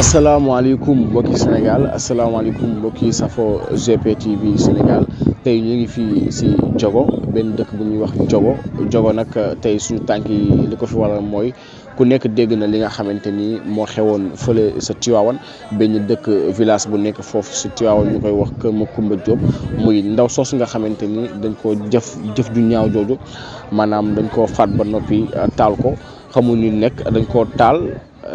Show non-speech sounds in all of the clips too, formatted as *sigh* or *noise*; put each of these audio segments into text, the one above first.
asalaamaaleykum mbokki Sénégal asalaamaaleykum mbokki safo GP bi Sénégal tey ñu ngi fii si Diogo benn dëkk bu ñuy wax jogo Diogo nag tey suñu tànk yi li ko fi waral mooy ku nekk dégg na li nga xamante ni moo xewoon fële sa Tiwaawan benn dëkk village bu nekk foofu si Tiwaawan ñu koy wax Kër Macoumba Diop muy ndaw soosu nga xamante ni dañ koo jëf jëf ju ñaaw jooju maanaam dañ koo faat ba noppi taal ko xamuñu nekk dañ koo taal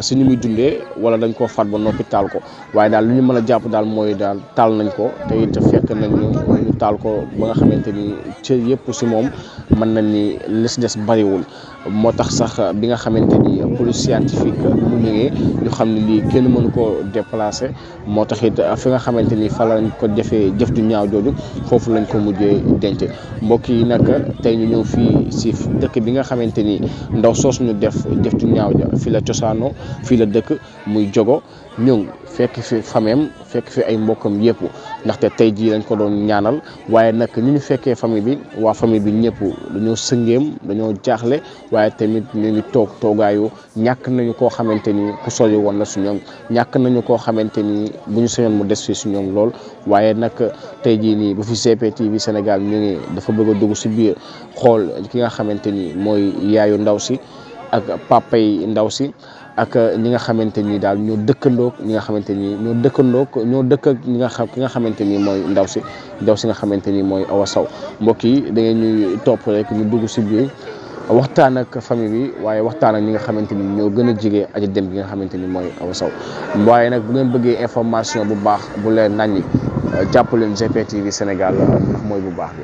su ñu muy dundee wala dañ koo faat ba noppi taal ko waaye daal lu ñu mën a jàpp daal mooy daal taal nañ ko te it fekk nañ ñu taal ko ba nga xamante ni cër yëpp si moom mën na ni les des bariwul moo tax sax bi nga xamante ni police scientifique mu ñëwee ñu xam ne lii kenn mënu koo déplacé moo tax it fi nga xamante ni fa lañ ko defee jëf ju ñaaw jooju foofu lañ ko mujjee denc mbokk yi nag tey ñu ñëw fii si dëkk bi nga xamante ni ndaw soos ñu def jëf ñaaw ja fii la cosaanoo fii la dëkk muy jogo ñëw fekk fi fameem fekk fi ay mbokkam yëpp ndaxte tey jii lañ ko doon ñaanal waaye nag ñu ñu fekkee famille bi waa famille bi ñëpp dañoo sëngeem dañoo jaaxle waaye tamit ñu ngi toog toogaayu ñàkk nañu koo xamante ni ku woon la su ñoom ñàkk nañu koo xamante ni bu ñu sañoon mu des fii su ñoom lool waaye nag tey jii nii bu fi GPTV Sénégal ñu ngi dafa bëgg a dugg si biir xool ki nga xamante ni mooy yaayu ndaw si ak papay ndaw si ak euh, ñi nga xamante ni daal ñoo dëkkandoog ñi nga xamante ni ñoo dëkkandoog ñoo dëkk ak ñi nga xam ki nga xamante ni mooy ndaw si ndaw si nga xamante ni mooy Awa Sow mbokk yi da ngeen ñuy topp rek ñu dugg si biir waxtaan ak famille bi waaye waxtaan ak ñi nga xamante ni ñoo gën a jege aji dem bi nga xamante ni mooy Awa Sow waaye nag bu ngeen bëggee information bu baax bu leer naññi euh, jàpp leen GPTV Sénégal ndax mooy bu baax bi.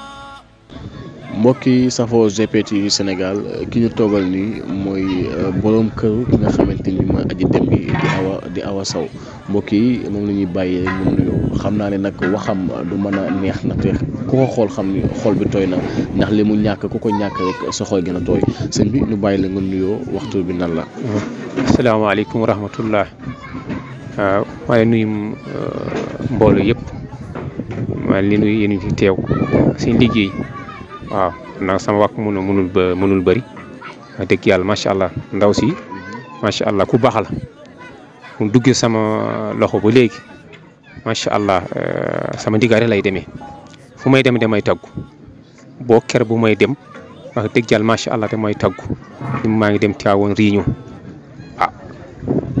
mbokki safoo GP TV Sénégal euh, ki ñu toogal nii mooy euh, borom kër ki nga xamante ni mooy aji dem di awa di awa saw mbokk yi moom lañuy ñuy bàyyee nuyoo xam naa ne nag waxam du mën a neex na te ku ko xool xam ni xool bi tooy na ndax li mu ñàkk ku ko ñàkk rek gën a tooy seen bi ñu bàyyi la nga nuyoo waxtu bi nan la. asalaamaaleykum wa rahmatullah waaw maa ngi nuyu euh, mbooloo yëpp maa ngi leen di nuyu teew seen liggéey. waaw ndax sama wàkk mun a munul ba munul bëri wax yàlla macha allah ndaw si macha allah ku baax la mu sama loxo ba léegi macha allah euh, sama ndigaare lay demee fu may dem damay taggu boo ker bu may dem wax dëgg yàlla macha allah damay taggu lim maa ngi dem Thiawane Réunion ah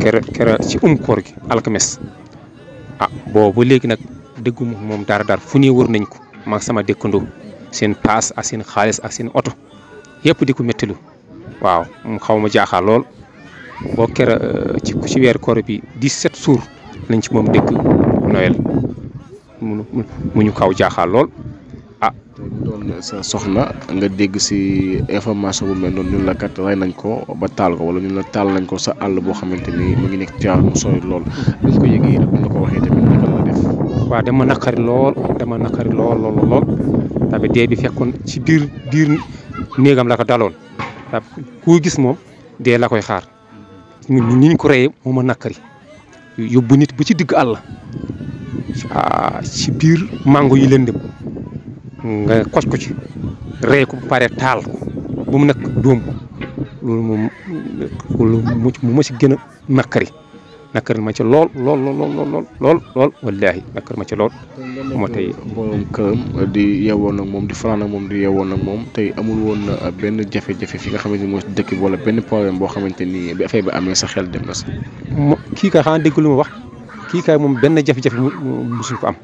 ker ker ci um koor gi alxames ah boobu ba léegi nag dëgguma moom dara dara fu ñuy wër nañ ko maag sama dëkkandoo. seen paas ak seen xaalis ak seen oto yépp di ko méttilu waaw mu xaw ma jaaxaa lool boo kera euh, ci ci weer koor bi 17 jours lañ ci moom dégg Noël mu mu ñu kaw jaaxaa lool ah. doon sa soxna nga dégg si information bu mel noonu ñun la kat rey nañ ko ba taal ko wala ñun la taal nañ ko sa àll boo xamante ni mu ngi nekk ci mu sori lool mm-hmm. bi nga ko yëgee ak nga ko waxee tamit. waaw dama naqari lool dama naqari lool lool lool tamit dee bi fekkoon ci biir biir néegam la ko daloon ndax koo gis moom dee la koy xaar ni ñu ko reyee moo ma naqari yóbbu nit bu ci digg àll ah, ci biir mango yi lëndëm nga koj ko ci rey ko bu pare taal ko bu mu nekk dóom loolu mu ma ci gën a naqari nakkal ma ci lool lool lool lool lool lool wallaahi nakkal ma ci lool. moo tey borom këram di moom di fanaan ak moom di yeewoon nag moom tey amul woon benn jafe-jafe fi nga xamante ni mooy dëkk wala benn problème boo xamante ni bi affaire bi amee sa xel dem na si. kii kaay xanaa dégg lu ma wax kii kaay moom benn jafe-jafe musul ko am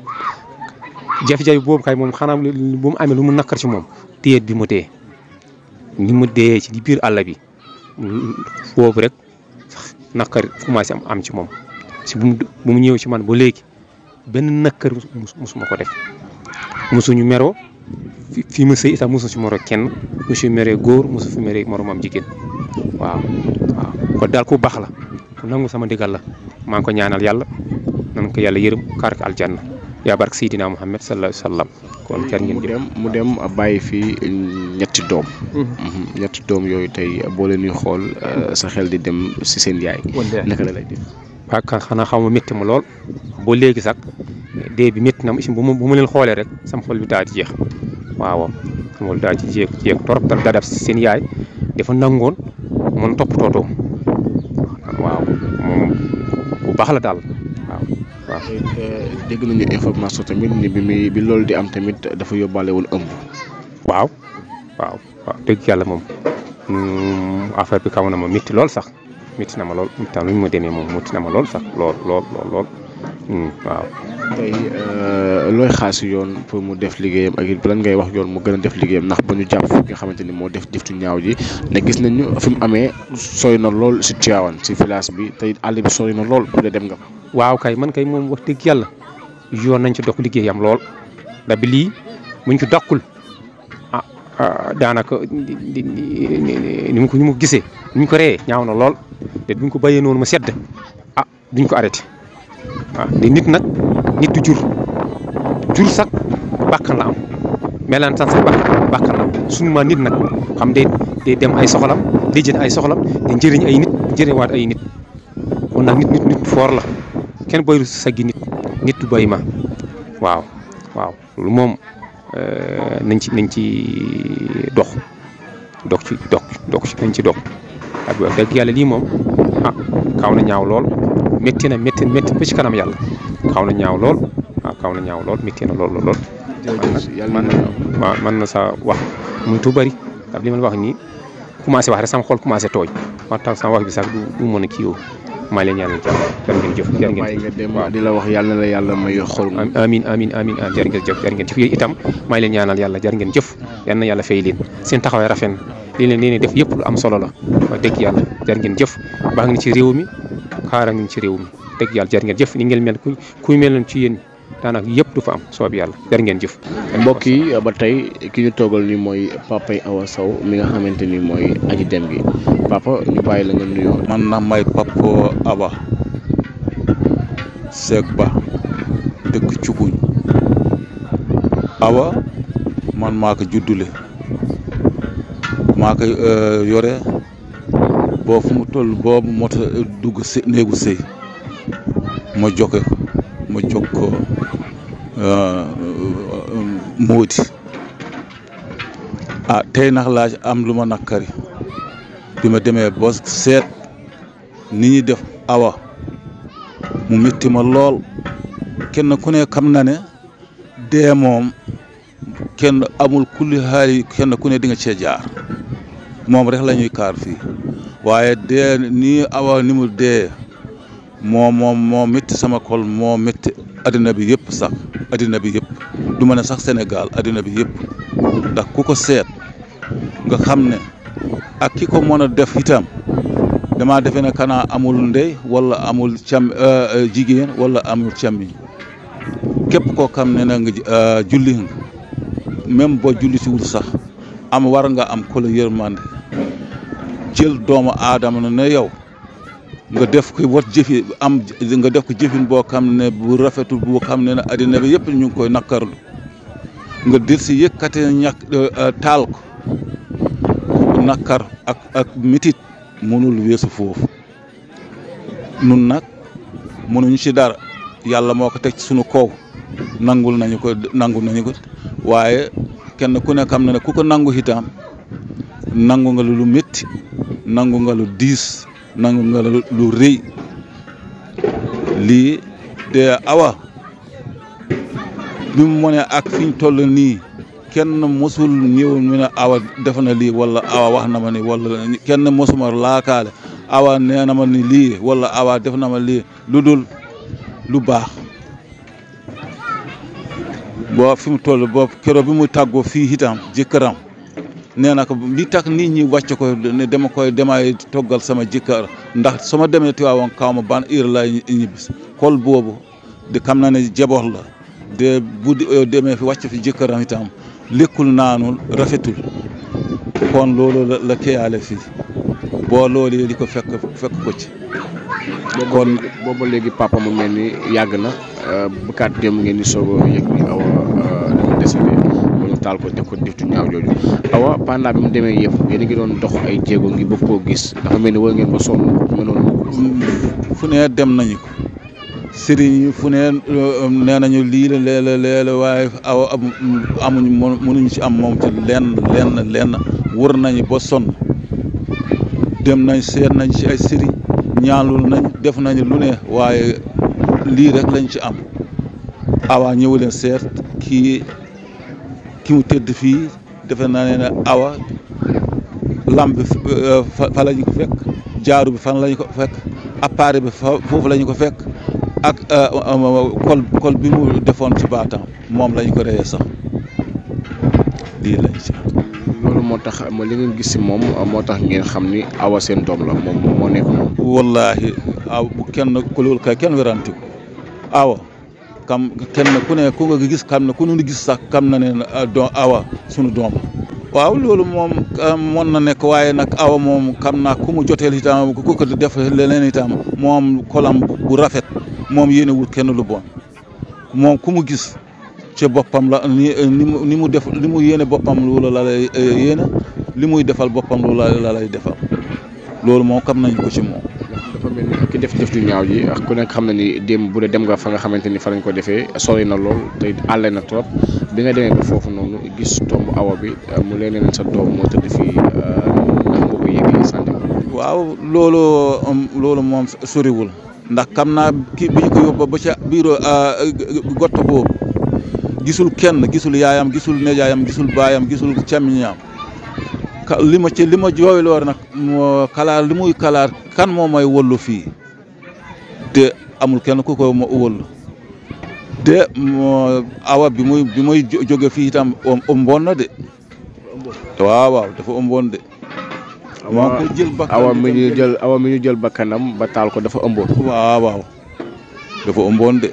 jafe-jafe boobu kaay moom xanaa bu mu amee lu mu nakkar ci moom téyeet bi mu téye ni mu dee ci biir àll bi foofu rek. naqar commencé am am ci moom si bu mu ñëw ci man ba léegi benn kër naqar musuma ko def musuñu meroo fii ma sëy itam musu si moro kenn musu meree góor musu fi meree moromam jigéen waaw waaw kon daal ku baax la ku nangu sama ndigal la maa ngi ko ñaanal yàlla nan ko yàlla yërëm kar ko aljanna yaa barke Seydina Muhammad sallallahu alayhi wa sallam kon kenn ngeen mu dem mu dem a bàyyi fi ñetti doom. Mhm. Mhm. ñetti doom yooyu tey boo leen ñuy xool sa xel di dem si seen yaay. naka la lay def. waaw kan xanaa xam nga métti ma lool boo léegi sag dee bi métti na ma bu ma bu ma leen xoolee rek sam xol bi daal di jeex waaw sam xol daal di jeex jeex trop daa def seen yaay dafa nangoon mën toppatootoo waaw moom bu baax la daal. waaw xëy na dégg nañu information tamit ni bi muy bi loolu di am tamit dafa yóbbaale woon ëmb. waaw waaw waaw dëgg yàlla moom mm, affaire bi xaw na ma métti lool sax métti na ma lool métti na lu ñu ma demee moom métti na ma lool sax lool lool lool lool. Mm, waaw. tey euh, looy xaas yoon pour mu def liggéeyam ak it lan ngay wax yoon mu gën a def liggéeyam ndax ba ñu jàpp ki nga xamante ni moo def jëftu ñaaw ji ne gis nañu fi mu amee sori na lool si Tivaouane si village bi tey àll bi sori na lool bu dem nga. waaw kay man kay moom wax dëgg yàlla yoon nañ ci dox liggéeyam lool ndax bi lii buñ ci doxul ah, ah daanaka ni mu ko ni mu gisee ni ñu ko reyee ñaaw na lool te buñ ko bayee noonu ma sedd ah duñ ko arrêté. waaw di nit nag nit du jur jur sax bàkkan la am melantaan sax bàkkan la am suñu ma nit nag xam day day dem ay soxlam day jël ay soxlam day njëriñ ay nit njëriñwaat ay nit kon nag nit foor la kenn boylu saggi nit nit du bay ma waaw waaw loolu moom euh, nañ ci nañ ci dox dox ci dox dox nañ ci dox ak dëgg yàlla lii moom ah kaw na ñaaw lool métti na métti métti ba ci kanam yàlla xaw na ñaaw lool waaw xaw na ñaaw lool métti na lool lool lool. man na waaw mën na sa wax mu tu bëri ndax li ma wax nii commencé wax rek sama xol commencé tooy wax tax sama wax bi sax du mën a kii woo maa leen ñaanal jàmm jërë ngeen jëf jërë ngeen waaw di la wax yàlla na la yàlla may xol amin amin amin jërë ngeen jëf jërë ngeen jëf yéen leen ñaanal yàlla jërë ngeen jëf yal yàlla fay leen seen taxawee rafet na li leen leen def yëpp lu am solo la wax dëgg yàlla jërë ngeen jëf baax nga ci réew mi kaaraange ngi ci réew mi dëgg yàlla jërë ngeen jëf ni ngeen mel ku kuy mel ci yéen daanaka yëpp du fa am soob yàlla jërë jëf. mbokk yi ba tey ki ñu toogal ni mooy papa Awa Sow mi nga xamante ni mooy aji dem gi papa ñu bàyyi la nga nuyoo. man na may papa Awa Seck Ba dëkk Cukuñ Awa man maa juddule maa euh, yore. boo fu mu toll boobu moo tax dugg si néegu sëy ma jokke ko ma jog ko euh, móodi ah tey nax laaj am lu ma nakkari bi ma demee ba seet ni ñuy def awa mu métti ma lool kenn ku ne xam na ne dee moom kenn amul kulli xaal yi kenn ku ne di nga cee jaar moom rek la ñuy kaar fii waaye dee nii awa ni mu dee moo moo moo métti sama xol moo métti addina bi yëpp sax addina bi yëpp du ma ne sax Sénégal addina bi yëpp ndax ku ko seet nga xam ne ak ki ko mën a def itam damaa defe ne kanaa amul ndey wala amul cam euh, euh, jigéen wala amul càmmiñ képp koo xam ne na nga euh, julli nga même boo jullitiwul sax am war nga am ko la yërmande jël doomu aadama na ne yow nga def ko wat jëfi am nga def ko jëfin boo xam ne bu rafetul boo xam ne ne addina bi yëpp ñu ngi koy nakkarlu nga dir si yëkkate ñàkk euh, euh, taal ko nakkar ak ak mitit mënul weesu foofu nun nag mënuñu ci dara yàlla moo ko teg ci sunu kow nangul nañu ko nangul nañu ko waaye kenn ku ne xam na ne ku ko nangu itam nangu nga lu métti nangu nga lu diis nangu nga lu rëy lii de awa bi mu mënee ak fiñ toll nii kenn mosul ñëw mu ne awa def lii wala awa wax ma ni wala kenn mosuma laakaale awa nee ma ni lii wala awa def na ma lii lu dul lu baax boo fi mu toll boobu keroog bi mu tàggoo fii itam jëkkëram nee na ko li tax nit ñi wàcc ko ne dama koy demaay toggal sama jëkkër ndax su ma demee Tiwaawan kaw ma ban heure laa ñibbis xol boobu di xam na ne jaboot la de bu eh, demee fi wàcc fi jëkkëram itam lekkul naanul rafetul kon loolu la la kéyaale fii boo loolee di ko fekk fekk ko ci. kon booba léegi papa mu mel ni yàgg na eh, bu kaat dem ngeen di yëg ni awa eh, dafa taal ko te ko def ju ñaaw jooju awa panda mu demee yëpp yéen a ngi doon dox ay jéego ngi bëgg koo gis dafa mel ni war ngeen ba sonn mënoon fu ne dem nañu ko sëriñ fu ne euh, nee nañu lii la lee la lee mënuñu ci am moom ci lenn lenn lenn wër nañu ba sonn dem nañ seet nañ ci ay sëriñ ñaanul nañ def nañu lu ne waaye lii rek lañ ci am awa ñëw seet kii ki mu tëdd fii defe naa ne awa lam euh, fa la ko fekk jaaru bi fan la ñu ko fekk appareil bi foofu la ko fekk ak euh, um, um, col bi mu defoon ci baatam moom la ko reyee sax lii lañ ci loolu moo tax li ngeen gis si moom moo tax ngeen xam ni awa seen doom la moom moo nekk moom wallaahi aw bu kenn ku loolu kay kenn weranti ko awa kam kenn ku ne ku nga gis xam ne ku nu gis sax xam na ne ah, do awa sunu doom waaw loolu moom ah, mën na nekk waaye nag awa moom xam naa ku mu joteel itam ku ko def leneen itam moom xolam bu rafet moom yéene wul kenn lu bon moom ku mu gis ce boppam la ni mu ni mu def li mu yéene boppam loolu la lay eh, yéene li muy defal boppam loolu la lay defal loolu moom xam nañ ko ci moom. dafa mel ni ki def jëf ju ñaaw ji ku nekk xam na ni démb bu dee dem nga fa nga xamante ni fa lañ ko defee sori na lool te àlle na trop bi nga demee ba foofu noonu gis tomb awa bi mu leneen sa doom moo tëdd fii euh, ndax boo ko yëgee sant waaw loolu um, loolu moom soriwul ndax xam naa kii bi ñu ko yóbbu ba ca biir euh, gott boobu gisul kenn gisul yaayam gisul nijaayam gisul baayam gisul càmmiñam li ma ci li ma jooyloo nag moo xalaat li muy xalaat kan moo may wëllu fii te amul kenn ku ko wëllu te awa bi muy bi fii itam omboon na de waaw dafa omboon de jël awa mi jël awa mi bakkanam ba ko dafa ëmboon waaw dafa ëmboon de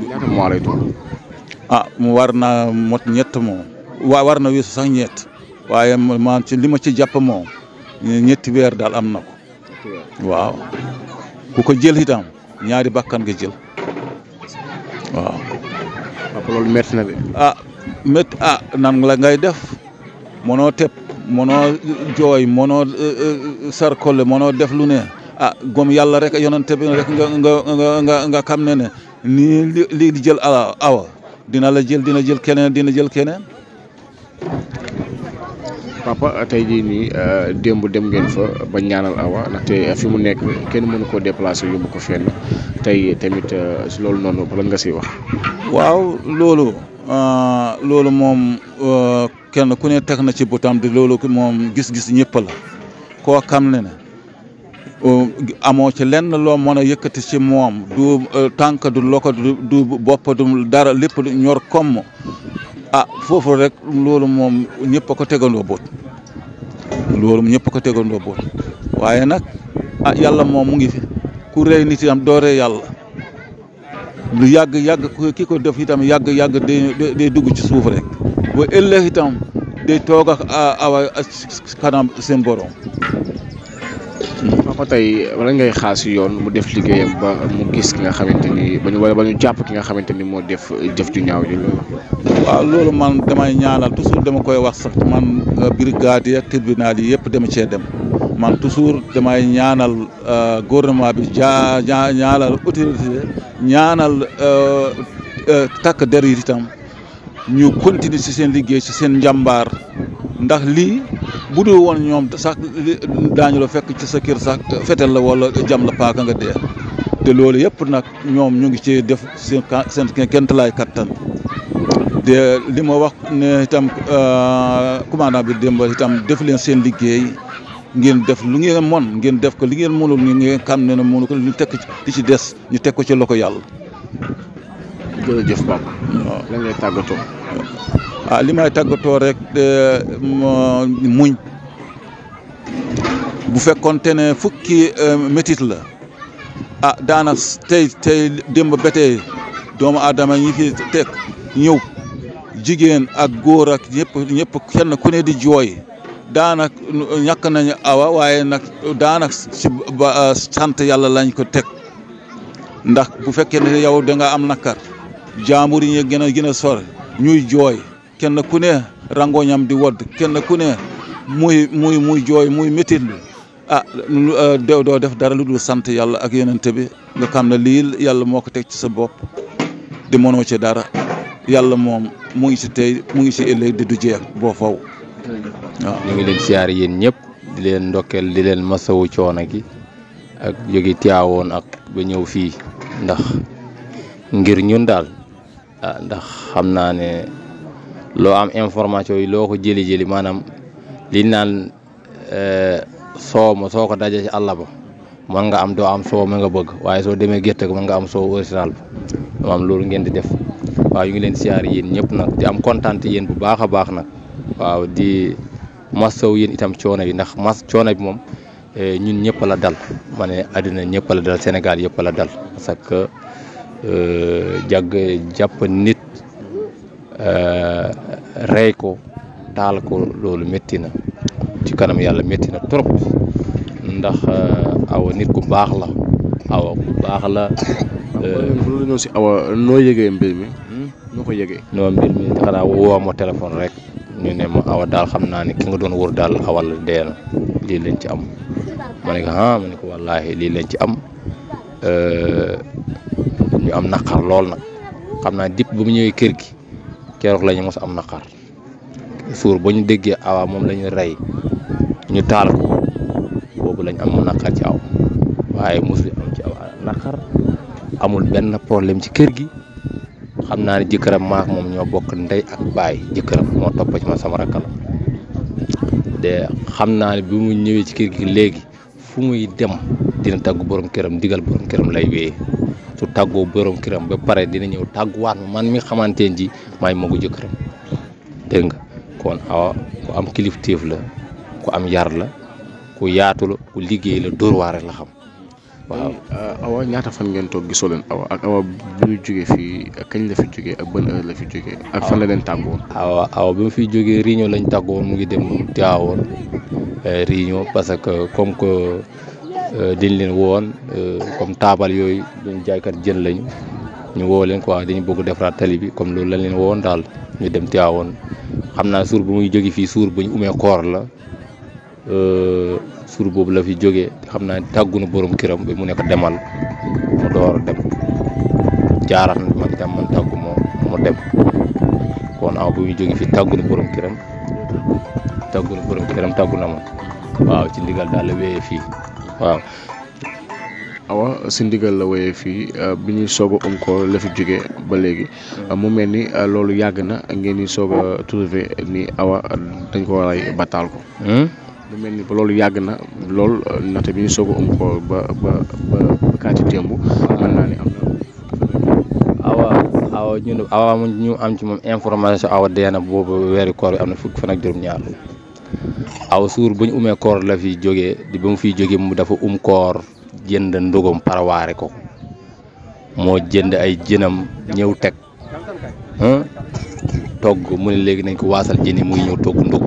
ñaata ah, mu war na mot ñett moom waa war na weesu sax ñett waaye man ci li ma ci jàpp moom ñetti weer daal am na ko waaw ku ko jël itam ñaari bakkan nga jël waaw. papa loolu métti na de. ah métti ah nan la ngay def mënoo tepp mënoo jooy mënoo eh, eh, sarkole mënoo def lu ne ah gom yàlla rek yonante bi rek nga nga nga nga xam ne ne li di jël awa dina la jël dina jël keneen dina jël keneen. a tey jii nii %e démb dem ngeen fa ba ñaanal Awa ndaxte euh, fi mu nekk kenn mënu koo déplacé :fra ko fenn tey tamit %e si loolu noonu lan nga siy wax waaw loolu loolu moom kenn ku ne teg na ci bëtam te loolu moom gis-gis ñëpp la koo xam ne ne amoo ci lenn loo mën a yëkkati si moom du tànk du loxo du du bopp dara lépp ñor komm ah foofu rek loolu moom ñëpp ko tegandoo boot loolu ñëpp ko tegandoo boot waaye nag ah yàlla moom mu ngi fi ku rey nit am dooree yàlla lu yàgg yàgg ki ko def itam yàgg yàgg day dugg ci suuf rek ba ëllëg itam day toog a awa kanam seen borom. papa tey lan ngay xaas yoon mu def liggéeyam ba mu gis ki nga xamante ni ba ñu wala jàpp ki nga xamante ni moo def jëf ju ñaaw ji loolu. waaw loolu man damay ñaanal toujours dama koy wax sax man euh, brigade yi ak tribunal yi yëpp dama cee dem man toujours damay ñaanal euh, gouvernement bi jaa ñaanal autorité ñaanal euh, takk der yi itam ñu continuer ci seen liggéey ci seen njàmbaar ndax lii bu dul woon ñoom sax daañu la fekk ci sa kër sax fetel la wala jam la paaka nga dee te loolu yëpp nag ñoom ñu ngi ci def seen seen kentalaay kattan li ma wax ne itam euh, commandant bi démb itam def leen seen liggéey ngeen def lu ngeen mën ngeen def ko li ngeen mënul ngeen xam ne ne mënu ko ñu tekk li ci des ñu teg ko ci loxo yàlla. jërëjëf Pape. waaw lan ngay ah, li may tàggatoo rek muñ bu fekkonte ne fukki euh, metit la ah daana tey tey démb ba tey doomu aadama ñi fi teg ñëw. jigéen ak góor ak ñëpp ñëpp kenn ku ne di jooy daanak ñàkk nañu awa waaye nag daanak ci sant yàlla lañ ko teg ndax bu fekkee ne yow da nga am nakar jaambur yi gën a gën a sore ñuy jooy kenn ku ne rangoñam di wodd kenn ku ne muy muy muy jooy muy métit lu ah doo doo def dara lu dul sant yàlla ak yonent bi nga xam ne lii yàlla moo ko teg ci sa bopp di mënoo ci dara yàlla moom mu ngi si tey mu ngi si ëllëg di du jeex boo faw waaw ñu ngi leen siyaar yéen ñëpp di leen ndokkeel di leen masawu coono gi ak jóge Tiwaawoon ak ba ñëw fii ndax ngir ñun daal ah, ndax xam naa ne loo am information yi loo ko jëli-jëli maanaam liñ naan eh, soow ma soo ko daje ci àll ba mën nga am doo am soow ma nga bëgg waaye soo demee gerte ko mën nga am soow original ba maanaam loolu ngeen di def waaw ñu ngi leen siyaar yéen ñëpp nag di am kontaan yéen bu baax a baax nag waaw di masaw yéen itam coono yi ndax mas coono bi moom eh, ñun ñëpp la dal ma ne àddina ñëpp la dal Sénégal yëpp la dal parce que eh, jàgg jàpp nit eh, rey ko taal ko loolu métti na ci kanam yàlla métti na trop ndax awa nit ku baax la awa ku baax la. *coughs* mbir mi. nga ko yëgee. non mbir mi xanaa woo ma téléphone rek ñu ne ma awa daal xam naa ne ki nga doon wër daal awal dee na lii lañ ci am ma ne ko ah wallaahi lii lañ ci am euh, ñu am naqar lool nag xam naa dipp ba mu ñëwee kër gi keroog la ñu mos am naqar suur ba ñu déggee awa moom la rey ñu taal ko boobu lañ am naqar ci aw waaye mosul am ci aw naqar amul benn problème ci kër gi. xam naa ne jëkkëram maak moom ñoo bokk ndey ak baay jëkkëram moo topp ci ma sama rakk la xam naa ne bi mu ñëwee ci kër gi léegi fu muy dem dina tàggu borom këram digal borom këram lay wéyee su tàggoo borom këram ba pare dina ñëw tàgguwaat man mi xamante ji maay magu jëkkëram dégg nga kon awa ku am kilifteef la ku am yar la ku yaatu la ku liggéey la dóor waar rek la xam. waaw euh, awa ñaata fan ngeen toog gisoo leen awa ak awa bu ñu jógee fii kañ la fi jógee ak ban heure la fi jógee. ak fan la leen tàggoon. awa awa bi mu fiy jógee réunion lañ tàggoon mu ngi dem Tiwaawoon euh, réunion parce que comme que euh, dañ leen woon comme taabal yooyu dañ jaaykat jën lañu ñu woo leen quoi dañu bëgg defaraat tali bi comme loolu lañ leen woon daal ñu dem Tiwaawoon xam naa suur bu muy jógee fii suur bu ñu umee koor la. suur boobu la fi jóge xam naa tàggunu borom këram bi mu nekk demal mu door dem jaarat na man tam man tàggu moo mu dem kon aw bu muy jógee fi tàggunu borom këram tàggunu tàggu na moom waaw fii waaw awa si ndigal la wéyee fii euh, bi ñuy soog a um ko lafi jóge ba léegi mm. mu mel ni euh, loolu yàgg na ngeen di soog a trouvé ni awa dañ ko war a bataal ko hmm? mu mel ni ba loolu yàgg na lool ndaxte bi ñu soog a ëmb um ko ba ba ba kaati démb mën naa ne am na awa awa ñun ñu am ci moom information awa dee na boobu weeri koor bi am na fukki fan ak juróom-ñaar aw suur bu ñu umee koor la fi jóge di ba mu fiy jógee mu dafa um koor jënd ndogam parawaare ko moo jënd ay jënam ñëw teg togg mu ne léegi nañ ko waasal jëni muy ñëw togg ndog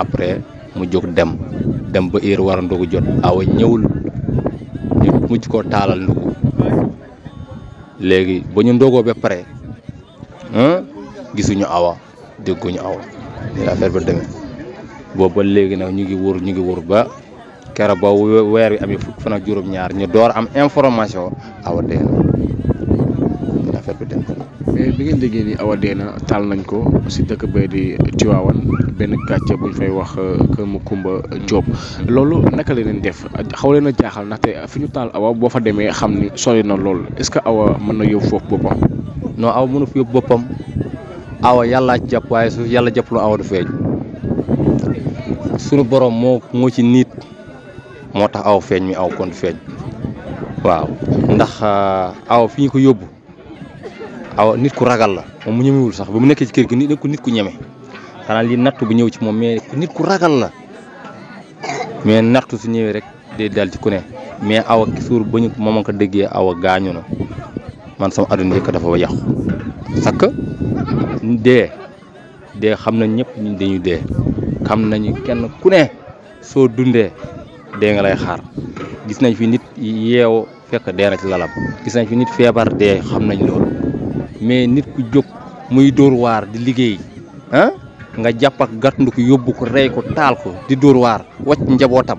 après mu jóg dem dem ba heure war ndugu jot awa ñëwul ñu mujj koo taalal ndugu léegi ba ñu ndogoo ba pare gisuñu awa dégguñu awa nii affaire ba demee boobu léegi nag ñu ngi wóor ñu ngi wóor ba keroog ba weer wi amee fukk fan juróom-ñaar ñu door am information awa dee projet bi ngeen déggee ni Awa Deena taal nañ ko si dëkk bee di Tiwaawan benn quartier bu ñu fay wax euh, Kër Macoumba Diop loolu naka la leen def xaw leen a jaaxal ndaxte fi ñu taal Awa boo fa demee xam ni sori na lool est-ce que Awa mën na yóbbu foofu boppam. noo aw mënu fi yóbbu boppam Awa yàllaa jàpp waaye su yàlla jàppaloo Awa du feeñ suñu borom moo moo ci niit moo tax aw feeñ mi aw kon feeñ waaw ndax euh, Awa fi ñu ko yóbbu. aw nit ku ragal la moom mu ñemewul sax ba mu nekkee ci kër gi nit ku nit ku ñeme xanaa lii nattu bu ñëw ci moom mais nit ku ragal la mais nattu su ñëwee rek day dal ci ku ne mais awa suur ba ñu ma mën ko déggee a gaañu na man sama adduna yëkk dafa ba yàqu parce que dee xam nañ ñëpp ñu dañu dee xam nañu kenn ku ne soo dundee dee nga lay xaar gis nañ fi nit yeew fekk dee na ci lalam gis nañ fi nit feebar dee xam nañ loolu mais nit ku jóg muy dóor waar di liggéey ah nga jàpp ak gàttandu ko yóbbu ko rey ko taal ko di dóor waar wacc njabootam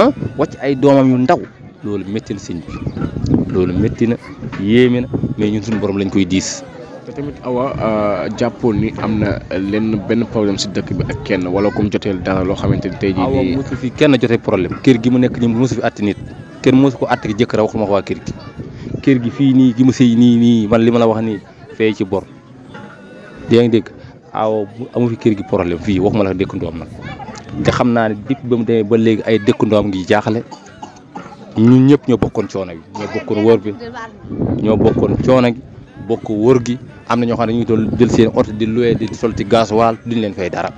ah wacc ay doomam yu ndaw loolu métti na sëñ bi loolu métti na yéeme na mais ñun suñu borom lañ koy diis. te tamit awa euh, jàppoon ni am na lenn benn problème si dëkk bi ak kenn wala comme joteel dara loo xamante ni tey jii. awa mosu fi kenn jotee problème. kër gi mu nekk ñun mosu fi àtt nit kenn mosu ko àtt ki jëkkër waxuma ko waa kër gi. kër gi fii nii gi ma sëy nii nii man li ma la wax nii fee ci bor yaa ngi dégg fi kër gi problème fii waxuma la dëkk ndoom nag te xam naa ne dëkk ba mu demee ba léegi ay dëkk ndoom ngi jaaxle ñun ñëpp ñoo bokkoon coono bi ñoo bokkoon wóor bi ñoo bokkoon coono gi bokk wóor gi am na ñoo xam ne dañuy doon jël seen ot di loué di sol gas gasoil duñ leen fay dara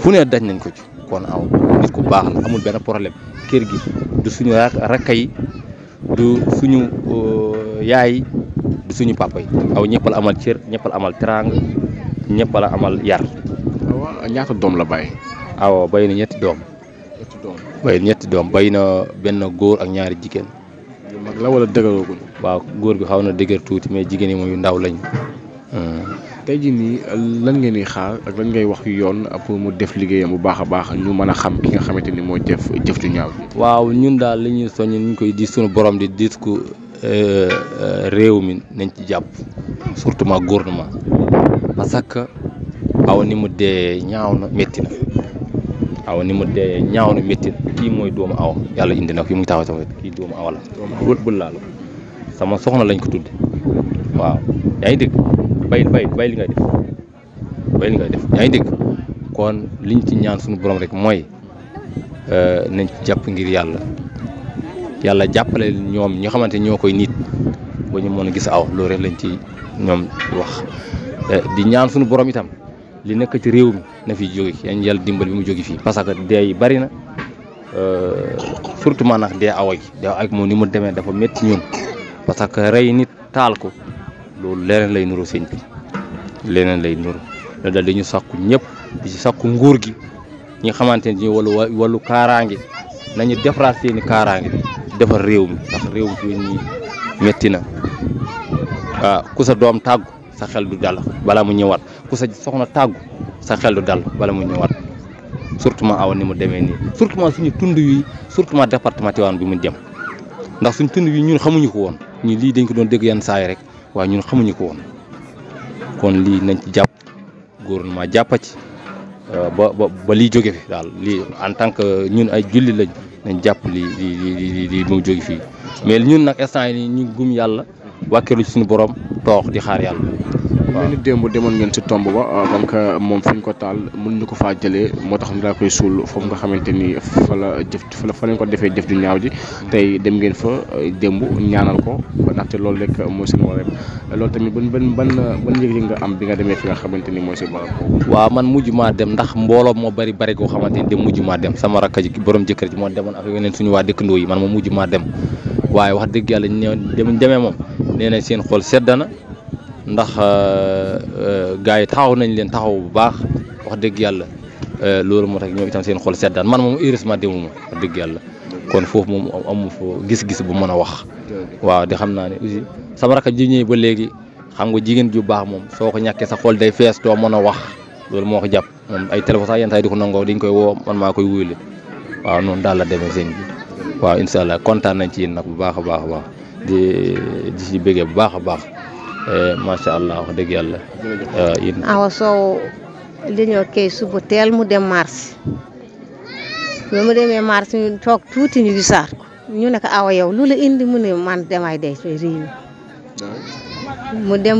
fu ne dañ nañ ko ci kon aw nit ku baax la amul benn problème kër gi du suñu rakka yi du suñu euh, yaay du suñu papa yi aw ñëpp la amal cër ñëpp la amal teraanga ñëpp la amal yar. waaw doom la bàyyi. aw bay na ñetti doom. ñetti doom ñetti doom bay na benn góor ak ñaari jigéen. yu mag la wala dëgëragul. waaw góor bi xaw na dëgër tuuti mais jigéen yi moom yu ndaw lañu. tey jii nii lan ngeen di xaar ak lan ngay wax yoon pour mu def liggéeyam bu baax a baax ñu mën a xam ki nga xamante ni moo jëf jëf ju ñaaw bi. waaw ñun daal li ñuy soññ koy di suñu borom di dis ko euh, euh, réew mi nañ ci jàpp surtout ma gouvernement parce que ni mu dee ñaaw na métti na aw ni mu dee ñaaw na métti na kii mooy doomu aw yàlla indi na ko mu taxaw sama kii doomu aw la. doomu aw la bul laal sama soxna lañ ko tudd waaw yaa ngi bay bay bay li ngay def bay li ngay def yaa ngi dégg kon liñ ci ñaan suñu boroom rek mooy euh, nañ ci jàpp ngir yàlla yàlla jàppale ñoom ñu xamante ñoo koy nit ba ñu mën gis aw loolu rek lañ ci ñoom wax euh, di ñaan suñu borom itam li nekk ci réew mi na fi jóge yañ yàlla dimbal bi mu jóge fii parce que dee yi bari na euh, surtout maanaam dee awa gi dee ak moom ni mu demee dafa métti ñun parce que rey nit taal ko loolu leneen lay nuru sëñ bi lay nuru la daal dañu sàkku ñëpp di ci sàkku nguur gi ñu nga xamante ne wàllu wàllu kaaraange nañu defaraat seeni kaaraange defar réew mi ndax réew mi ñi metti na waaw ah, ku sa doom tàggu sa xel du dal bala mu ñëwaat ku sa soxna tàggu sa xel du dal bala mu ñëwaat surtout ma aw ni mu demee nii surtout ma suñu tund yi surtout ma département Tivaouane bi mu dem ndax suñu tund yi ñun xamuñu ko woon ñu lii dañ ko doon dégg yenn saay rek waaye ñun xamuñu ko woon kon lii nañ ci jàpp gouvernement jàppa ci euh, ba ba liy jóge fi daal lii en tant que ñun ay julli lañ nañ jàpp lii lii lii lii mu jóge fii mais ñun nag instant yi ñu gum yàlla wàkkeelu ci suñu borom toog di xaar yàlla. démb demoon ngeen si tomb ba euh, donc euh, moom fi ko taal mën ñu ko faa jëlee moo tax ñu laa koy suul nga xamante ni fa la jëf fa lañ ko defee jëf ju ñaaw ji tey dem ngeen fa euh, démb ñaanal ko ndaxte loolu rek moo seen wareem loolu tamit ban ban ban ban yëg-yëg nga am bi nga demee fi nga xamante ni mooy si barab waaw man mujj maa dem ndax mbooloo moo bari bari koo xamante ni dem mujj maa dem sama rakk ji borom jëkkër ji moo demoon ak yeneen suñu waa dëkkandoo yi man ma mujj maa dem waaye wax dëgg yàlla ñëw dem demee moom nee seen xool sedd na ndax euh, euh, gaa yi taxaw nañ leen taxaw bu baax wax dëgg yàlla euh, loolu moo tax ñoom itam seen xol seddaan man moom heureusement demuma wax dëgg yàlla kon foofu moom amul foo gis-gis bu mën a wax waaw di xam naa ne aussi sama rakk ji ñëw ba léegi xam nga jigéen ju baax moom soo ko ñàkkee sa xol day fees doo mën a wax loolu moo ko jàpp moom ay téléphone sax yenn saa di ko nangoo dañ koy woo man maa koy wuyule waaw noonu daal la demee seen bi waaw incha allah kontaan nañ ci yéen nag bu baax a baax a baax di di si bu baax a Eh, macha allah wax dëgg yàlla. Eh, ah, awa soow dañoo kay suba teel mu dem marché bi mu demee marché ñu toog tuuti ñu gisaat ko ñu ne ko ah, awa yow lu la indi mu ne man damay dee ci réew mi mu dem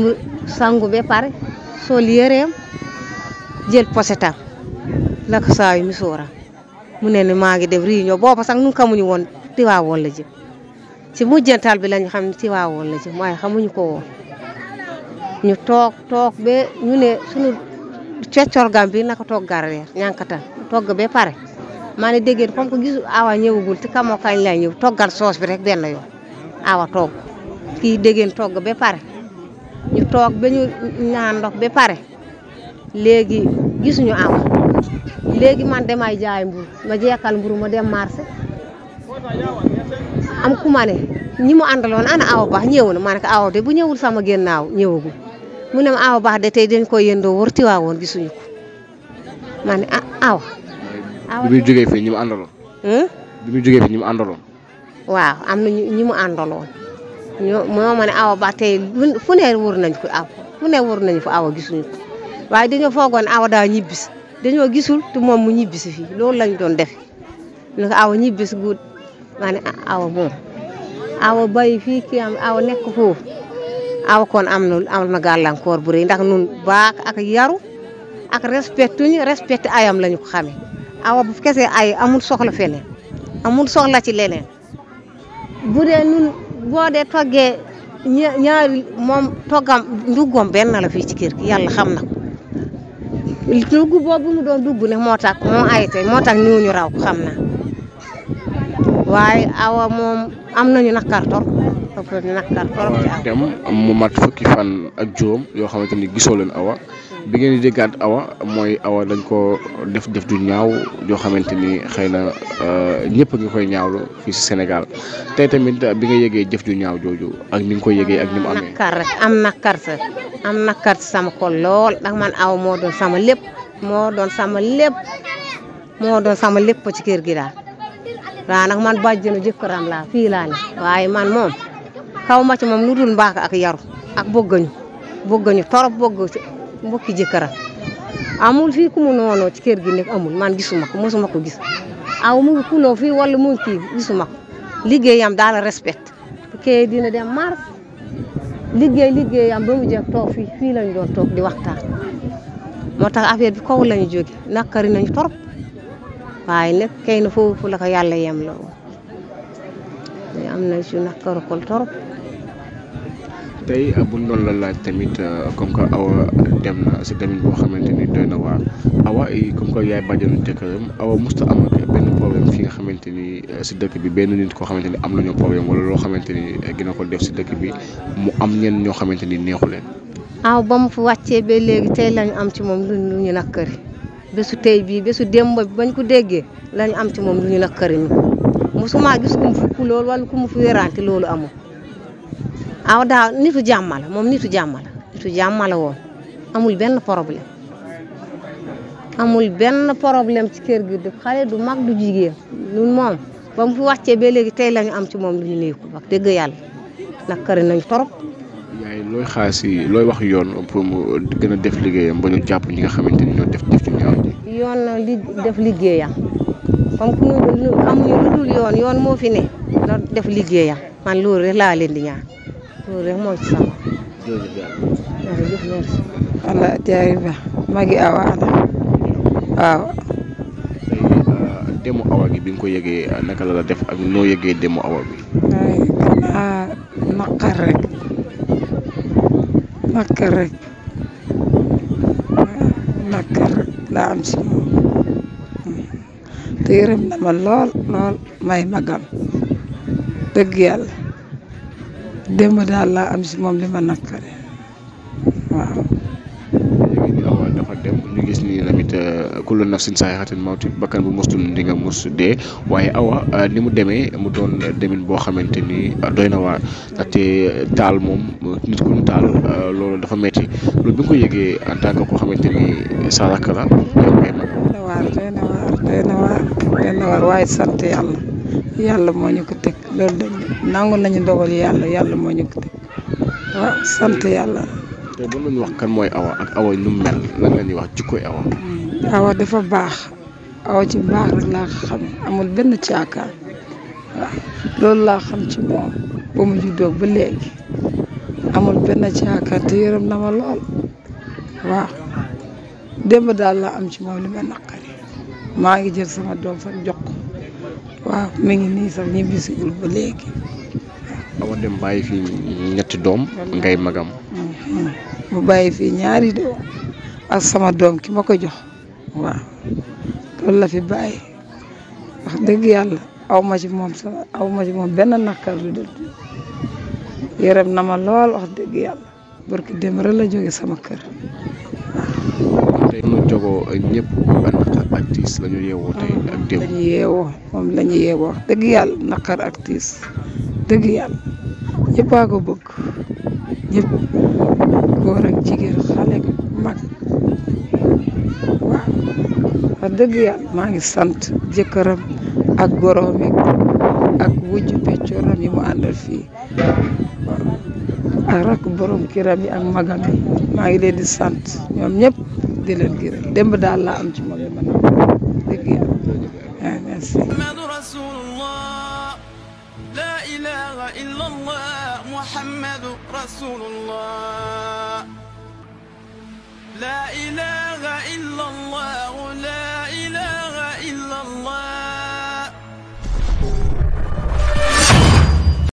sangu ba pare sol yëreem jël posetam lak saayu mi sóoram mu ne ni maa ngi def réunion booba sax nun xamuñu woon Tiwaawoon la jëm ci mujjantal bi lañ xam ne Tiwaawoon la jëm waaye xamuñu ko woon ñu toog toog ba ñu ne suñu coccorgam bi naka toog gar reer ñankatan togg pare maa ne déggeen comme que gisu awa ñëwagul ti kamoo kañ lay ñëw toggal soos bi rek benn yoon awa toog kii déggeen togg ba pare ñu toog ba ñu naan ndox ba pare léegi gisuñu awa léegi man damay jaay mburu ma jekkal mburu ma dem marché am ku ma ne ñi mu ana awa baax ñëw na ma awa de bu ñëwul sama gennaaw ñëwagul mu ne ma awa baax de tey dañ ko yëndoo wër Tiwaawoon gisuñu ko ma ne ah awa. awa bi muy jógee ñi mu àndaloon. Hmm? bi muy jógee fii waaw am na ñi mu àndaloon ñoo moo ma ne awa baax tey fu ne wër nañ ko aw fu ne wër nañ ko awa gisuñu ko waaye dañoo foogoon awa daa ñibbis dañoo gisul te moom mu ñibbisi fii loolu lañ doon def ñu ko awa ñibbis guut ma ah, awa moom awa bay fii kii awa nekk foofu. aw kon am na am na gàllankoor bu rëy ndax nun baax ak yaru ak respectuñu respet ayam lañu ko xamee awa bu kese ay amul soxla feneen amul soxla ci leneen bu de nun boo de toggee ñaari moom toggam nduggoom benn la fii ci kër gi yàlla xam na ko dugg boobu mu doon dugg ne moo tax moo ay tey moo tax ñooñu raw ko xam naa waaye awa moom am nañu naqar torop fa naqar trop dem mu mat fukki fan ak juróom yoo xamante ni gisoo leen awa bi ngeen di déggaat awa mooy awa dañ ko def def du ñaaw yoo xamante ni xëy na euh, ñëpp ngi koy ñaawlu fii si senegal tey tamit bi nga yëgee jëf ju ñaaw jooju ak ni koy yëgee ak ni mu amee. naqar rek am naqar sa am naqar sama xol lool ndax man aw moo doon sama lépp moo doon sama lépp moo doon sama lépp ci kër gi daal waaw nag man jëkkëram laa fii laa ne waaye man moom. kaw ma ci moom lu dul mbaax ak yaru ak bëggañu bëggañu torop bëgg ci mbokki jëkkëram amul fii ku mu noonoo ci kër gi nekk amul man gisuma ko mosuma ko gis aw mu ngi fii wala mu ngi gisuma ko liggéeyam daal respect kee dina dem mars liggéey liggéeyam ba mu jeex toog fii fii lañu doon toog di waxtaan moo tax affaire bi kaw lañu jóge nakari nañu torop waaye nag kay na foofu la ko yàlla yem la woon am na ci nakaru kol torop tey ah, bu ñu doon la laaj tamit ah, comme que Awa dem na si tamit boo xamante ni doy na waar Awa eh, comme que yaay bàjjenu jëkkëram Awa musta am ak benn problème fi nga xamante ni eh, si dëkk bi benn nit koo xamante ni am nañu problème wala loo xamante ni gina eh, ko def si dëkk bi mu am ñenn ñoo xamante ni neexu leen. aw ba mu fi wàccee ba léegi tey lañu am ci moom lu ñu la këri bésu tey bii bésu démb bi bañ ko déggee lañu am ci moom lu ñu la këri ñu mu fi aw daaw nitu jàmm la moom nitu jàmm la nitu jàmm la woon amul benn problème amul benn problème ci kër gi du xale du mag du jigéen ñun moom ba mu fi wàccee ba léegi tey lañu am ci moom lu ñu nuyu ko wax dëgg yàlla nag këri nañu torop yaay looy xaasi looy wax yoon pour mu a def liggéeyam ba ñu jàpp ñi nga xamante ni ñoo def def ci ñaaw yoon li def liggéeyam yoon yoon moo fi ne la def liggéeyam man loolu rek laa leen di ñaan loolu rek ba magi awa la demu awa bi nga ko yëgee naka la la def ak noo yëgee demu awa bi. waaye rek naqar rek naqar rek laa am si moom na ma lool lool may magam dëgg yàlla. démb daal laa am si moom li ma naqare waaw. dafa dem ñu gis ni tamit uh, kullu nafsin saaxatin mawti bakkan bu mos dund di nga mos dee waaye awa uh, ni mu demee mu doon demin boo xamante ni uh, doy na waar moom nit ku loolu dafa metti loolu bi nga ko yëgee en tant koo xamante ni sa rakk la. doy na waar doy na waar doy na waar waaye sant yàlla yàlla moo ñu ko teg. loolu dañ nangu nañu dogal yàlla yàlla moo ñu ko teg waaw sant yàlla. tey mën nañu wax kan mooy awa ak awa nu mel lan la ñuy wax jikkoy awa. awa dafa baax awa ci baax laa xam amul benn caakaar waaw laa xam ci moom ba benn caakaar te yërëm na ma lool waaw démb daal laa am ci moom li ma naqari maa ngi jël sama doom fan jox waaw mi ngi nii sax ñibbisigul ba léegi. awa dem bàyyi fii ñetti doom. ngay magam. bu bàyyi fii ñaari doom ak sama doom ki ma ko jox waaw loolu la fi bàyyi wax dëgg yàlla aw ma ci moom sama aw ci moom benn naqar du dul na ma lool wax dëgg yàlla barki dem rek la jóge sama kër. jogoo ak ñëpp naqar ak tiis la ñu ah, ak démb. la ñu moom la ñu dëgg yàll naqar ak tiis dëgg yàlla ñëpp a ko bëgg ñëpp góor ak jigéen xale mag waaw dëgg yàlla maa ngi sant jëkkëram ak goroom yi ak wujju peccooram yi mu àndal fii waaw ak rakk borom kiram ak magam yi ngi leen di sant ñoom ñëpp. di leen gërëm démb daal laa am ci moom li ma na dëgg yàlla merci لا إله إلا الله محمد رسول الله لا إله إلا الله لا إله إلا الله